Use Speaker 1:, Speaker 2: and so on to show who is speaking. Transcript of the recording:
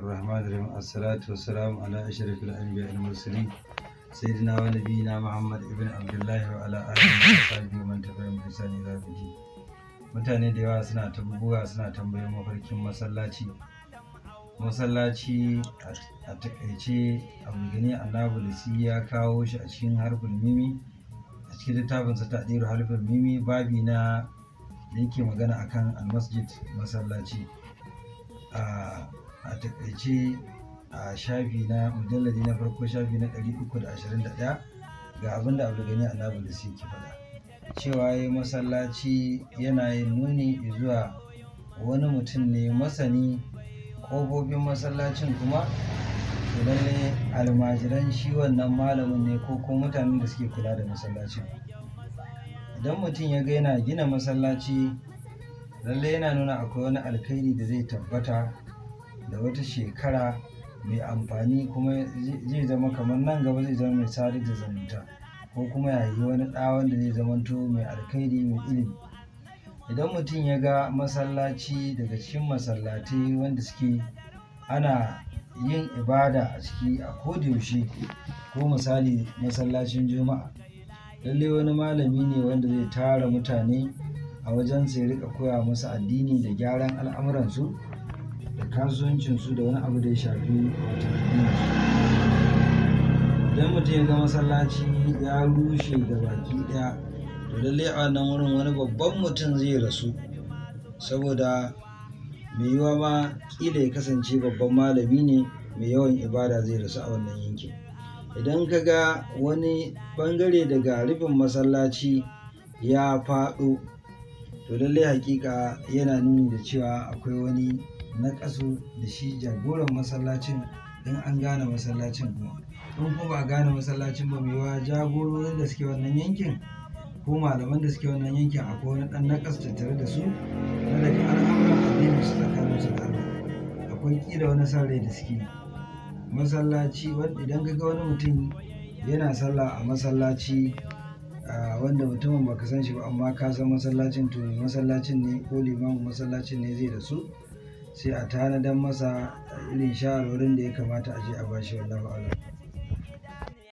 Speaker 1: الرحمن الرحيم الصلاة والسلام على أشرف الأنبياء المرسلين سيدنا ونبينا محمد ابن عبد الله وعلى آله وصحبه ومن تبعهم بإحسان إلى يوم الدين mutane da yawa suna ta suna tambayar mafarkin masallaci masallaci a takaice abu gani annabi lisi ya kawo shi a cikin harfin mimi a cikin littafinsa ta ɗero harfin mimi babi da yake magana akan almasjid masallaci a ah, takaice a shafi na mujalladi na farko shafi na 321 ga abin da a labin da suke faɗa cewa ya masallaci yana yin nuni zuwa wani mutum ne masani ƙofofin masallacin kuma to lalle almajiran shi wannan malamin ne ko ko mutanen da suke kula da masallacin idan mutum ya ga yana gina masallaci lalle yana nuna akwai wani alkhairi da zai tabbata da wata shekara mai amfani kuma zai zama kamar nan gaba zai zama mai sadar da zumunta ko kuma yayi wani ɗa wanda zai zamanto mai alkhairi mai ilimi idan mutum ya ga masallaci daga cikin masallatai wanda suke ana yin ibada a ciki a yaushe ko misali masallacin juma'a lalle wani malami ne wanda zai tara mutane a wajen sai rika koya musu addini da gyaran al'amuransu da kasuwancinsu da wani abu da ya shafi wata idan mutum ya ga masallaci ya rushe da baki ɗaya to lallai a wannan wurin wani babban mutum zai rasu saboda mai yiwa ma kila ya kasance babban malami ne mai yawan ibada zai rasu a wannan yankin idan ka ga wani bangare daga rufin masallaci ya faɗo to lallai hakika yana nuni da cewa akwai wani na da shi jagoran masallacin in an gane masallacin kuma in kuma ba gane masallacin ba mai wa jagororin da suke wannan yankin ko malaman da suke wannan yankin akwai wani dan nakas tattare da su na daga al'amuran addini su tsakanin su da Allah akwai ƙira wani san rai da suke masallaci idan ka ga wani mutum yana sallah a masallaci wanda mutumin ba ka san shi ba amma ka san masallacin to masallacin ne ko limamin masallacin ne zai da su sai a tanadan masa irin shawarwarin da ya kamata a je a bashi wallahu a'lam